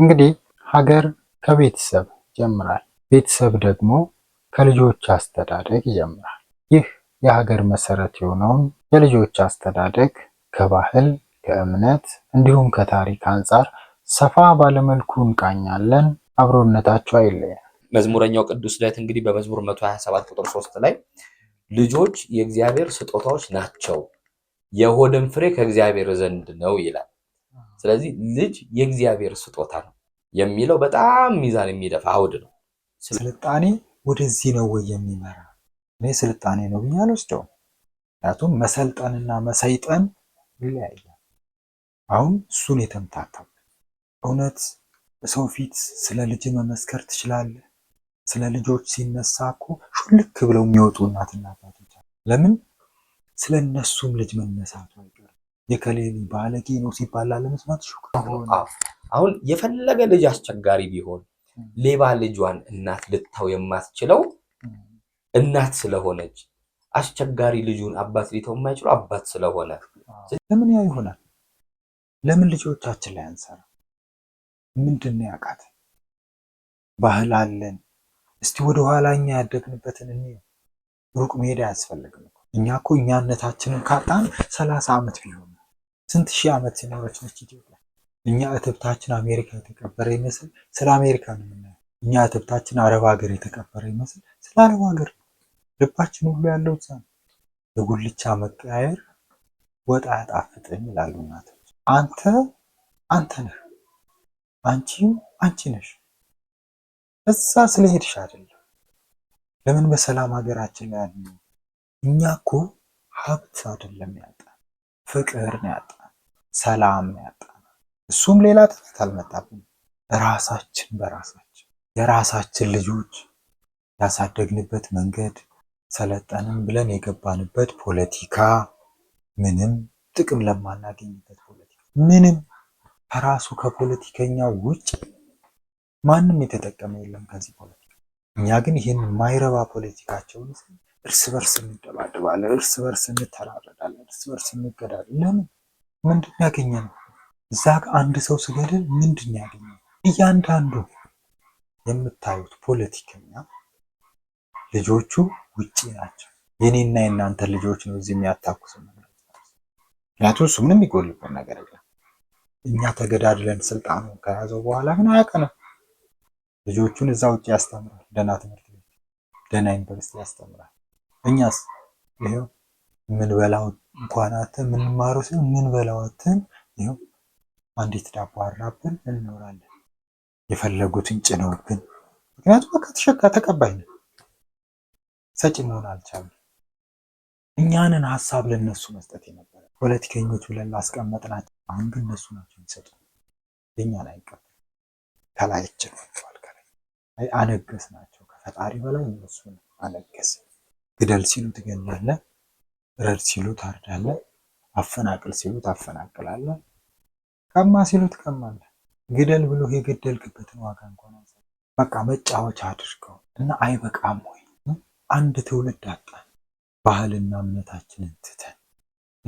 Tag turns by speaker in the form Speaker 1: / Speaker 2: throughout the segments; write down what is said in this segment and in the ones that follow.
Speaker 1: እንግዲህ ሀገር ከቤተሰብ ይጀምራል። ቤተሰብ ደግሞ ከልጆች አስተዳደግ ይጀምራል። ይህ የሀገር መሰረት የሆነውን የልጆች አስተዳደግ ከባህል ከእምነት እንዲሁም ከታሪክ አንጻር ሰፋ ባለመልኩ እንቃኛለን። አብሮነታቸው አይለያል።
Speaker 2: መዝሙረኛው ቅዱስ ዳዊት እንግዲህ በመዝሙር 127 ቁጥር 3 ላይ ልጆች የእግዚአብሔር ስጦታዎች ናቸው፣ የሆድም ፍሬ ከእግዚአብሔር ዘንድ ነው ይላል። ስለዚህ ልጅ የእግዚአብሔር ስጦታ ነው የሚለው በጣም ሚዛን የሚደፋ አውድ ነው።
Speaker 1: ስልጣኔ ወደዚህ ነው ወይ የሚመራ? እኔ ስልጣኔ ነው ብዬ አልወስደውም። ምክንያቱም መሰልጠንና መሰይጠን ይለያያል። አሁን እሱን የተምታታው እውነት በሰው ፊት ስለ ልጅ መመስከር ትችላለህ? ስለ ልጆች ሲነሳ እኮ ሹልክ ብለው የሚወጡ እናትና አባቶች ለምን ስለ እነሱም ልጅ መነሳቱ አይቀርም። የከሌ ባለጌ ነው ሲባል ላለመስማት
Speaker 2: አሁን የፈለገ ልጅ አስቸጋሪ ቢሆን ሌባ ልጇን እናት ልታው የማትችለው እናት ስለሆነች አስቸጋሪ ልጁን አባት ሊተው የማይችሉ አባት ስለሆነ
Speaker 1: ለምን ያ ይሆናል? ለምን ልጆቻችን ላይ አንሰራ? ምንድን ነው ያቃት? ባህል አለን። እስቲ ወደ እኛ ያደግንበትን እኔ ሩቅ መሄድ አያስፈልግም። እኛ እኮ እኛነታችንን ካጣን ሰላሳ ዓመት ቢሆን ስንት ሺህ ዓመት የኖረች ነች ኢትዮጵያ። እኛ እትብታችን አሜሪካ የተቀበረ ይመስል ስለ አሜሪካ ነው የምናየው። እኛ እትብታችን አረብ ሀገር የተቀበረ ይመስል ስለ አረብ ሀገር ልባችን ሁሉ ያለው እዛ ነው። የጉልቻ መቀያየር ወጥ አያጣፍጥም ይላሉ እናቶች። አንተ አንተ ነህ፣ አንቺም አንቺ ነሽ። እዛ ስለሄድሽ አይደለም። ለምን በሰላም ሀገራችን ላይ ያለ እኛ እኮ ሀብት አይደለም ያጣ ፍቅር ነው ያጣ ሰላም ያጣ እሱም ሌላ ጥፋት አልመጣብን፣ ራሳችን በራሳችን የራሳችን ልጆች ያሳደግንበት መንገድ ሰለጠንም ብለን የገባንበት ፖለቲካ ምንም ጥቅም ለማናገኝበት ፖለቲካ ምንም ከራሱ ከፖለቲከኛው ውጭ ማንም የተጠቀመ የለም ከዚህ ፖለቲካ። እኛ ግን ይህን የማይረባ ፖለቲካቸውን እርስ በርስ እንደባደባለን፣ እርስ በርስ እንተራረዳለን፣ እርስ በርስ እንገዳለን። ለምን ምንድን ነው ያገኘነው? እዛ አንድ ሰው ሲገድል ምንድን ነው እያንዳንዱ የምታዩት ፖለቲከኛ ልጆቹ ውጭ ናቸው። የኔና የእናንተ ልጆች ነው እዚህ የሚያታኩስ። ምክንያቱ እሱ ምንም የሚጎልበት ነገር የለም። እኛ ተገዳድለን ስልጣኑ ከያዘው በኋላ ግን አያውቀንም። ልጆቹን እዛ ውጭ ያስተምራል። ደህና ትምህርት ቤት፣ ደህና ዩኒቨርሲቲ ያስተምራል። እኛስ ይሄው ምንበላው እንኳን አተን ምንማረው ሲሆን በላው አተን ይኸው አንዲት ዳቦ አራብን እንኖራለን። የፈለጉትን ጭነውብን፣ ምክንያቱም በቃ ተሸካ ተቀባይ ነው። ሰጪ መሆን አልቻለም። እኛንን ሀሳብ ለነሱ መስጠት የነበረ ፖለቲከኞች ብለን ላስቀመጥናቸው፣ አሁን ግን እነሱ ናቸው የሚሰጡ የኛን አይቀበል ከላያችን ወጥቷል። አነገስ ናቸው ከፈጣሪ በላይ እነሱ አነገስ ግደል ሲሉ ትገላለህ እረድ ሲሉ ታርዳለህ፣ አፈናቅል ሲሉ ታፈናቅላለህ፣ ቀማ ሲሉ ትቀማለህ። ግደል ብሎ የገደልክበትን ዋጋ እንኳን በቃ መጫወቻ አድርገው እና አይበቃም ወይ? አንድ ትውልድ አጣን። ባህልና እምነታችንን ትተን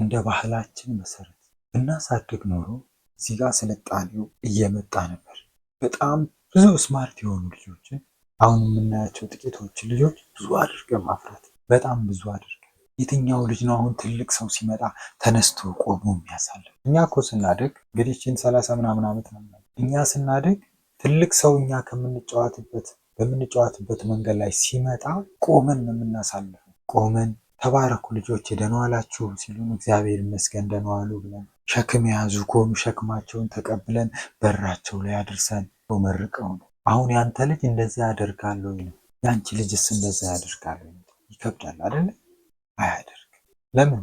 Speaker 1: እንደ ባህላችን መሰረት ብናሳድግ ኖሮ እዚህ ጋር ስልጣኔው እየመጣ ነበር። በጣም ብዙ ስማርት የሆኑ ልጆችን አሁን የምናያቸው ጥቂቶች ልጆች ብዙ አድርገን ማፍራት በጣም ብዙ አድርገን የትኛው ልጅ ነው አሁን ትልቅ ሰው ሲመጣ ተነስቶ ቆሞ የሚያሳልፍ? እኛ እኮ ስናደግ እንግዲህ ችን ሰላሳ ምናምን ዓመት ነው እኛ ስናደግ ትልቅ ሰው እኛ ከምንጫወትበት በምንጫወትበት መንገድ ላይ ሲመጣ ቆመን ነው የምናሳልፈው። ቆመን ተባረኩ ልጆች ደህና ዋላችሁ ሲሉን እግዚአብሔር ይመስገን ደህና ዋሉ ብለን ሸክም የያዙ ከሆኑ ሸክማቸውን ተቀብለን በራቸው ላይ አድርሰን መርቀው ነው። አሁን ያንተ ልጅ እንደዛ ያደርጋል ወይ ነው ያንቺ ልጅስ እንደዛ ያደርጋል ወይ? ይከብዳል አይደለም? አያደርግ ለምን?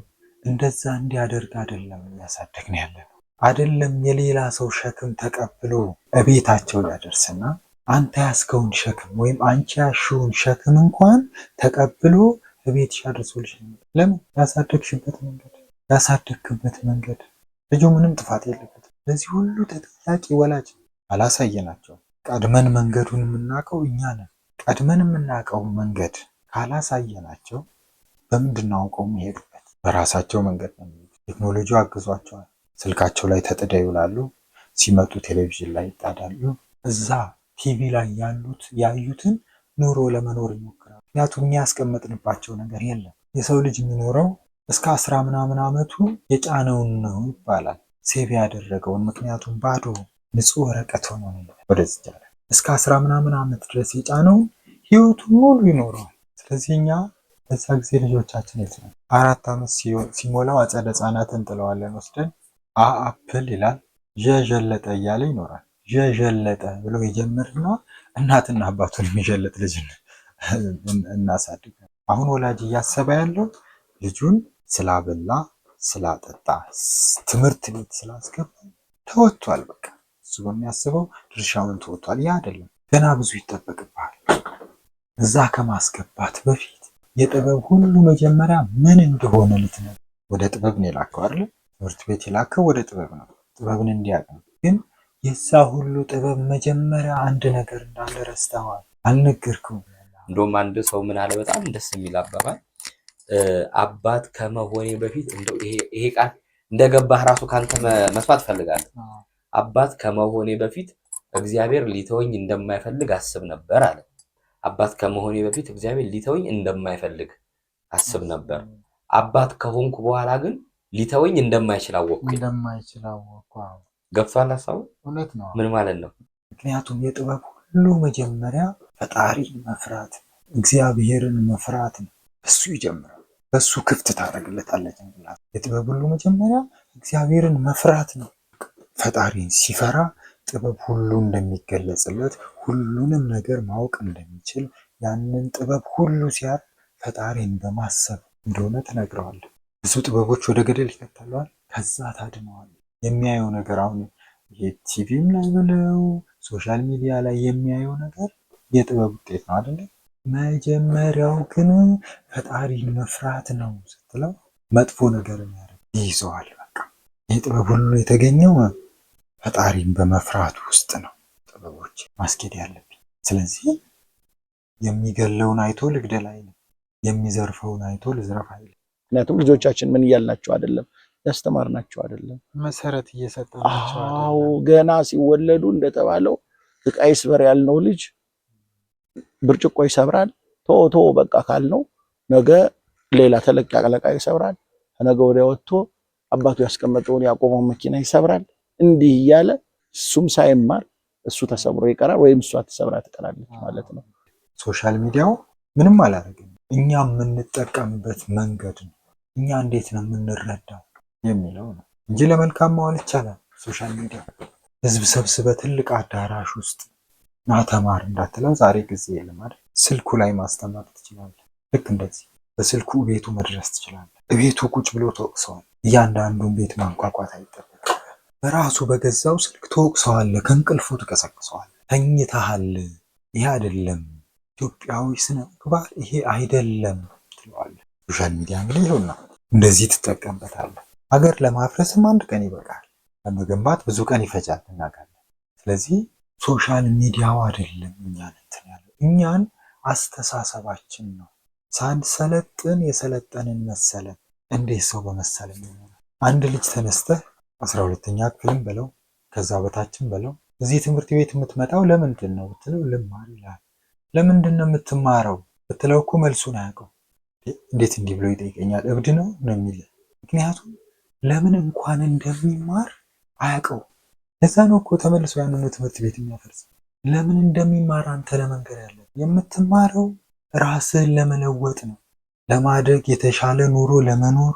Speaker 1: እንደዛ እንዲያደርግ አይደለም እያሳደግን ያለ ነው። አይደለም የሌላ ሰው ሸክም ተቀብሎ እቤታቸው ያደርስና አንተ ያስከውን ሸክም ወይም አንቺ ያሽውን ሸክም እንኳን ተቀብሎ እቤትሽ አድርሶልሽ። ለምን? ያሳደግሽበት መንገድ ያሳደግክበት መንገድ ልጁ ምንም ጥፋት የለበትም። ለዚህ ሁሉ ተጠያቂ ወላጅ አላሳየናቸው። ቀድመን መንገዱን የምናውቀው እኛ ነን። ቀድመን የምናውቀው መንገድ ካላሳየናቸው በምንድን ነው አውቀው የሚሄዱበት? በራሳቸው መንገድ ነው የሚሄዱ። ቴክኖሎጂ አግዟቸዋል። ስልካቸው ላይ ተጥደው ይውላሉ። ሲመጡ ቴሌቪዥን ላይ ይጣዳሉ። እዛ ቲቪ ላይ ያሉት ያዩትን ኑሮ ለመኖር ይሞክራሉ። ምክንያቱም የሚያስቀምጥንባቸው ነገር የለም። የሰው ልጅ የሚኖረው እስከ አስራ ምናምን ዓመቱ የጫነውን ነው ይባላል። ሴቭ ያደረገውን ምክንያቱም ባዶ ንጹህ ወረቀት ሆኖ ወደዚህ እስከ አስራ ምናምን ዓመት ድረስ የጫነውን ህይወቱ ሙሉ ይኖረዋል። ስለዚህ እኛ በዛ ጊዜ ልጆቻችን የት ነው? አራት ዓመት ሲሞላው አጸደ ህጻናትን እንጥለዋለን ወስደን አአፕል ይላል ዠዠለጠ እያለ ይኖራል። ዠዠለጠ ብሎ የጀመርና እናትና አባቱን የሚዠለጥ ልጅ እናሳድግ። አሁን ወላጅ እያሰበ ያለው ልጁን ስላበላ ስላጠጣ ትምህርት ቤት ስላስገባ ተወጥቷል፣ በቃ እሱ በሚያስበው ድርሻውን ተወጥቷል። ያ አይደለም፣ ገና ብዙ ይጠበቅብሃል። እዛ ከማስገባት በፊት የጥበብ ሁሉ መጀመሪያ ምን እንደሆነ ልትነግረው ወደ ጥበብ ነው የላከው አይደል? ትምህርት ቤት የላከው ወደ ጥበብ ነው፣ ጥበብን እንዲያውቅ ነው። ግን የዛ ሁሉ ጥበብ መጀመሪያ አንድ ነገር እንዳለ ረስተዋል፣ አልነገርኩም።
Speaker 2: እንደውም አንድ ሰው ምን አለ፣ በጣም ደስ የሚል አባባል፣ አባት ከመሆኔ በፊት ይሄ ቃል እንደገባህ ራሱ ካንተ መስማት ፈልጋለ። አባት ከመሆኔ በፊት እግዚአብሔር ሊተወኝ እንደማይፈልግ አስብ ነበር አለ። አባት ከመሆኔ በፊት እግዚአብሔር ሊተወኝ እንደማይፈልግ አስብ ነበር። አባት ከሆንኩ በኋላ ግን ሊተወኝ እንደማይችል አወቅኩኝ። ገብቷል ሀሳቡ? እውነት ነው። ምን ማለት ነው?
Speaker 1: ምክንያቱም የጥበብ ሁሉ መጀመሪያ ፈጣሪ መፍራት እግዚአብሔርን መፍራት ነው። እሱ ይጀምራል። በሱ ክፍት ታደርግለታለች። የጥበብ ሁሉ መጀመሪያ እግዚአብሔርን መፍራት ነው። ፈጣሪን ሲፈራ ጥበብ ሁሉ እንደሚገለጽለት ሁሉንም ነገር ማወቅ እንደሚችል ያንን ጥበብ ሁሉ ሲያር ፈጣሪን በማሰብ እንደሆነ ትነግረዋል። ብዙ ጥበቦች ወደ ገደል ይከተለዋል፣ ከዛ ታድነዋል። የሚያየው ነገር አሁን ቲቪም ላይ ብለው ሶሻል ሚዲያ ላይ የሚያየው ነገር የጥበብ ውጤት ነው አይደለ? መጀመሪያው ግን ፈጣሪን መፍራት ነው ስትለው መጥፎ ነገር ይይዘዋል። በቃ የጥበብ ሁሉ የተገኘው ፈጣሪን በመፍራት ውስጥ ነው። ጥበቦች ማስኬድ ያለብኝ። ስለዚህ የሚገለውን አይቶ ልግደል አይልም፣ የሚዘርፈውን አይቶ ልዝረፍ አይልም።
Speaker 2: ምክንያቱም ልጆቻችን ምን እያልናቸው አይደለም ያስተማርናቸው አይደለም፣ መሰረት እየሰጠናቸው። ገና ሲወለዱ እንደተባለው ዕቃ ይስበር ያልነው ልጅ ብርጭቆ ይሰብራል። ቶቶ በቃ ካልነው ነገ ሌላ ተለቅ ያቀለቃ ይሰብራል። ከነገ ወዲያ ወጥቶ አባቱ ያስቀመጠውን ያቆመው መኪና ይሰብራል። እንዲህ እያለ እሱም ሳይማር እሱ ተሰብሮ ይቀራል ወይም እሷ ተሰብራ ትቀራለች ማለት ነው።
Speaker 1: ሶሻል ሚዲያው ምንም አላደረግም፣ እኛ የምንጠቀምበት መንገድ ነው። እኛ እንዴት ነው የምንረዳው የሚለው ነው እንጂ ለመልካም መዋል ይቻላል። ሶሻል ሚዲያ ህዝብ ሰብስበ ትልቅ አዳራሽ ውስጥ ና ተማር እንዳትለው ዛሬ ጊዜ ልማድ ስልኩ ላይ ማስተማር ትችላለህ። ልክ እንደዚህ በስልኩ ቤቱ መድረስ ትችላለህ። ቤቱ ቁጭ ብሎ ተወቅሰዋል። እያንዳንዱን ቤት ማንቋቋት አይጠበቅም። በራሱ በገዛው ስልክ ትወቅሰዋለህ፣ ከእንቅልፉ ትቀሰቅሰዋለህ። ተኝተሃል፣ ይሄ አይደለም ኢትዮጵያዊ ስነ ምግባር፣ ይሄ አይደለም ትለዋለ። ሶሻል ሚዲያ እንግዲህ ይሁና እንደዚህ ትጠቀምበታለ። ሀገር ለማፍረስም አንድ ቀን ይበቃል፣ ለመገንባት ብዙ ቀን ይፈጃል እናውቃለን። ስለዚህ ሶሻል ሚዲያው አይደለም እኛን እንትን ያለው እኛን አስተሳሰባችን ነው። ሳንሰለጥን የሰለጠንን መሰለን። እንዴት ሰው በመሰለን አንድ ልጅ ተነስተህ አስራ ሁለተኛ ክፍልም በለው ከዛ በታችም በለው እዚህ ትምህርት ቤት የምትመጣው ለምንድን ነው ብትለው ልማር ይላል። ለምንድን ነው የምትማረው ብትለው እኮ መልሱን አያውቀው። እንዴት እንዲህ ብሎ ይጠይቀኛል እብድ ነው ነው የሚል ምክንያቱም ለምን እንኳን እንደሚማር አያውቀው። ለዛ ነው እኮ ተመልሶ ያንኑ ትምህርት ቤት የሚያፈርስ። ለምን እንደሚማር አንተ ለመንገድ ያለ የምትማረው ራስህን ለመለወጥ ነው፣ ለማደግ የተሻለ ኑሮ ለመኖር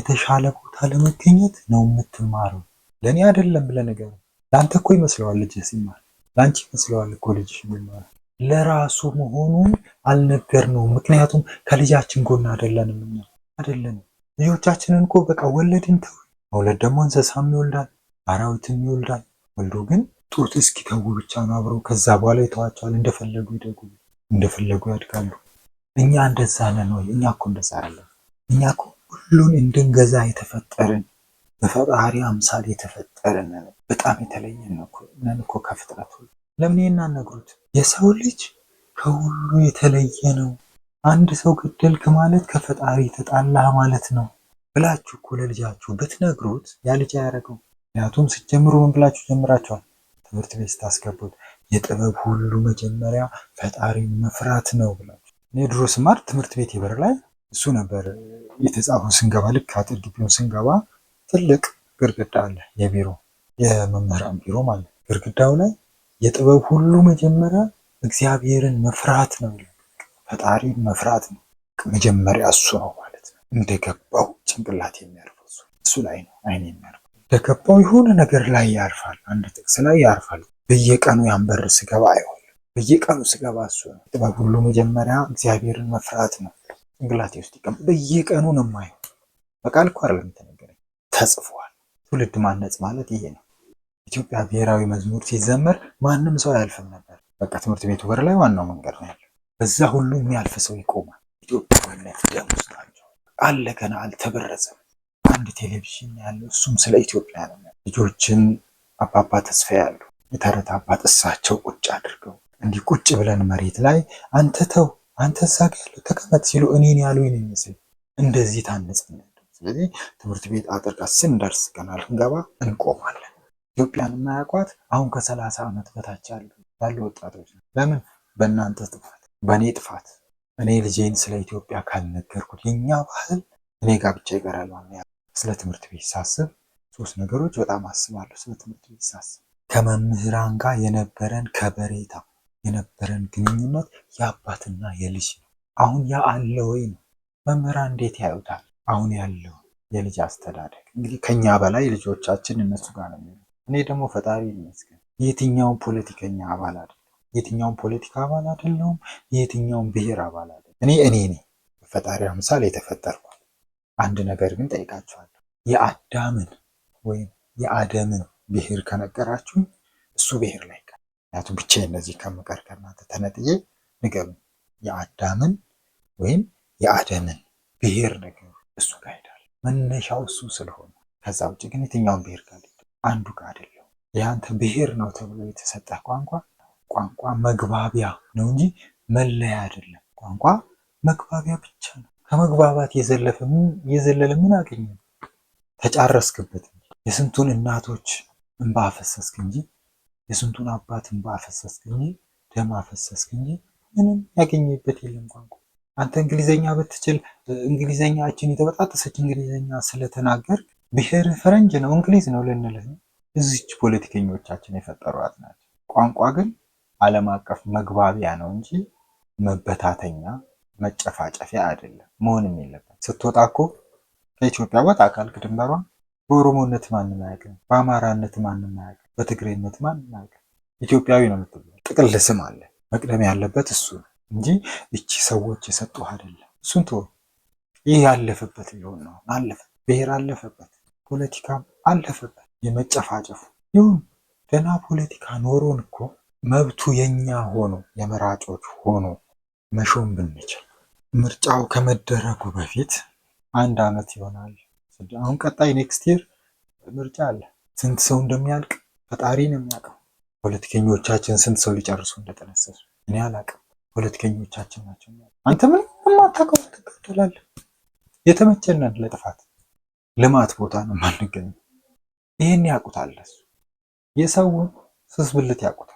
Speaker 1: የተሻለ ቦታ ለመገኘት ነው የምትማረው። ለእኔ አይደለም ለነገሩ። ለአንተ እኮ ይመስለዋል ልጅ ሲማር፣ ለአንቺ ይመስለዋል እኮ ልጅ ሲማር። ለራሱ መሆኑን አልነገርነውም። ምክንያቱም ከልጃችን ጎን አይደለንም እኛ አይደለንም። ልጆቻችንን እኮ በቃ ወለድን። ተው መውለድ ደግሞ እንስሳም ይወልዳል አራዊትም ይወልዳል። ወልዶ ግን ጡት እስኪተው ብቻ ነው አብረው። ከዛ በኋላ ይተዋቸዋል። እንደፈለጉ ይደጉ፣ እንደፈለጉ ያድጋሉ። እኛ እንደዛ ነን ወይ? እኛ እኮ እንደዛ አይደለም። እኛ እኮ ሁሉን እንድንገዛ የተፈጠርን በፈጣሪ አምሳል የተፈጠርን በጣም የተለየ ነን እኮ ከፍጥረት ሁሉ። ለምን እናነግሩት? የሰው ልጅ ከሁሉ የተለየ ነው። አንድ ሰው ገደልክ ማለት ከፈጣሪ የተጣላ ማለት ነው ብላችሁ እኮ ለልጃችሁ ብትነግሩት ያ ልጅ አያደርገው። ምክንያቱም ስትጀምሩ ምን ብላችሁ ጀምራችኋል? ትምህርት ቤት ስታስገቡት የጥበብ ሁሉ መጀመሪያ ፈጣሪ መፍራት ነው ብላችሁ። እኔ ድሮ ስማር ትምህርት ቤት ይበር ላይ እሱ ነበር የተጻፈው። ስንገባ ልክ አጥር ግቢውን ስንገባ ትልቅ ግርግዳ አለ፣ የቢሮ የመምህራን ቢሮ ማለት ነው። ግርግዳው ላይ የጥበብ ሁሉ መጀመሪያ እግዚአብሔርን መፍራት ነው ፈጣሪ መፍራት ነው መጀመሪያ እሱ ነው ማለት ነው። እንደገባው ጭንቅላት የሚያርፈው እሱ ላይ ነው፣ አይን የሚያርፈው እንደገባው የሆነ ነገር ላይ ያርፋል፣ አንድ ጥቅስ ላይ ያርፋል። በየቀኑ ያንበር ስገባ አይሆን፣ በየቀኑ ስገባ እሱ ነው። ጥበብ ሁሉ መጀመሪያ እግዚአብሔርን መፍራት ነው። ጭንቅላቴ ውስጥ ይቀም በየቀኑ ነው የማየው። በቃል እኮ አይደለም የተነገረኝ ተጽፏል። ትውልድ ማነጽ ማለት ይሄ ነው። ኢትዮጵያ ብሔራዊ መዝሙር ሲዘመር ማንም ሰው አያልፍም ነበር። በቃ ትምህርት ቤቱ በር ላይ ዋናው መንገድ ነው ያለው። በዛ ሁሉ የሚያልፍ ሰው ይቆማል። ኢትዮጵያዊነት ደም ውስጥ ናቸው። አለ ገና አልተበረዘም። አንድ ቴሌቪዥን ያለው እሱም ስለ ኢትዮጵያ ነው። ልጆችን አባባ ተስፋ ያሉ የተረት አባት እሳቸው ቁጭ አድርገው እንዲህ ቁጭ ብለን መሬት ላይ አንተ ተው አንተ እዛ ጋ ያለው ተቀመጥ ሲሉ እኔን ያሉ ይመስል እንደዚህ ታነጽን። ስለዚህ ትምህርት ቤት አጥርቃ ቀስ እንዳርስ ቀናል እንገባ እንቆማለን። ኢትዮጵያን የማያውቋት አሁን ከሰላሳ ዓመት በታች ያሉ ያሉ ወጣቶች ነው። ለምን? በእናንተ ጥፋት፣ በእኔ ጥፋት። እኔ ልጄን ስለ ኢትዮጵያ ካልነገርኩት የኛ ባህል እኔ ጋር ብቻ ይቀራል። ስለ ትምህርት ቤት ሳስብ ሶስት ነገሮች በጣም አስባለሁ። ስለ ትምህርት ቤት ሳስብ ከመምህራን ጋር የነበረን ከበሬታ የነበረን ግንኙነት የአባትና የልጅ ነው። አሁን ያ አለ ወይ ነው። መምህራን እንዴት ያዩታል? አሁን ያለው የልጅ አስተዳደግ እንግዲህ ከኛ በላይ ልጆቻችን እነሱ ጋር ነው የሚሉ። እኔ ደግሞ ፈጣሪ ይመስገን የትኛውን ፖለቲከኛ አባል አይደለሁም፣ የትኛውን ፖለቲካ አባል አይደለሁም፣ የትኛውን ብሔር አባል አይደለሁም። እኔ እኔ ነኝ በፈጣሪ አምሳል የተፈጠርኩ። አንድ ነገር ግን ጠይቃችኋለሁ። የአዳምን ወይም የአደምን ብሔር ከነገራችሁኝ እሱ ብሔር ላይ ምክንያቱም ብቻዬን እነዚህ ከምቀር ከእናንተ ተነጥዬ ንገሩ። የአዳምን ወይም የአደምን ብሔር ነገር እሱ ጋር ሄዳል። መነሻው እሱ ስለሆነ። ከዛ ውጭ ግን የትኛውን ብሔር ጋር አንዱ ጋር አይደለሁም። የአንተ ብሔር ነው ተብሎ የተሰጠ ቋንቋ ቋንቋ መግባቢያ ነው እንጂ መለያ አይደለም። ቋንቋ መግባቢያ ብቻ ነው። ከመግባባት የዘለለ ምን አገኘ? ተጫረስክበት። የስንቱን እናቶች እንባ አፈሰስክ እንጂ የስንቱን አባት እንባ አፈሰስክኝ፣ ደም አፈሰስክኝ፣ ምንም ያገኘበት የለም ቋንቋ። አንተ እንግሊዘኛ ብትችል እንግሊዘኛችን የተበጣጠሰች እንግሊዘኛ ስለተናገር ብሔር ፈረንጅ ነው እንግሊዝ ነው ልንልህ ነው። እዚች ፖለቲከኞቻችን የፈጠሯት ናቸው። ቋንቋ ግን ዓለም አቀፍ መግባቢያ ነው እንጂ መበታተኛ መጨፋጨፊያ አይደለም፣ መሆንም የለበት። ስትወጣ እኮ ከኢትዮጵያ ወጣ ካልክ ድንበሯ በኦሮሞነት ማንም አያውቅም፣ በአማራነት ማንም አያውቅም። በትግሬነት ማን ኢትዮጵያዊ ነው የምትባለው ጥቅል ስም አለ። መቅደም ያለበት እሱ ነው እንጂ እቺ ሰዎች የሰጡህ አይደለም። እሱን ተወው። ይህ ያለፈበት ሊሆን ነው። አለፈ፣ ብሔር አለፈበት፣ ፖለቲካም አለፈበት። የመጨፋጨፉ ይሁን ገና ፖለቲካ ኖሮን እኮ መብቱ የኛ ሆኖ የመራጮች ሆኖ መሾም ብንችል ምርጫው ከመደረጉ በፊት አንድ አመት ይሆናል። አሁን ቀጣይ ኔክስት ይር ምርጫ አለ። ስንት ሰው እንደሚያልቅ ፈጣሪ ነው የሚያውቀው። ፖለቲከኞቻችን ስንት ሰው ሊጨርሱ እንደጠነሰሱ እኔ አላውቅም። ፖለቲከኞቻችን ናቸው። አንተ ምን አታውቀው ትገደላለህ። የተመቸነን ለጥፋት ልማት ቦታ ነው የማንገኘው። ይህን ያውቁታል። የሰውን ስስብልት ብልት ያውቁታል።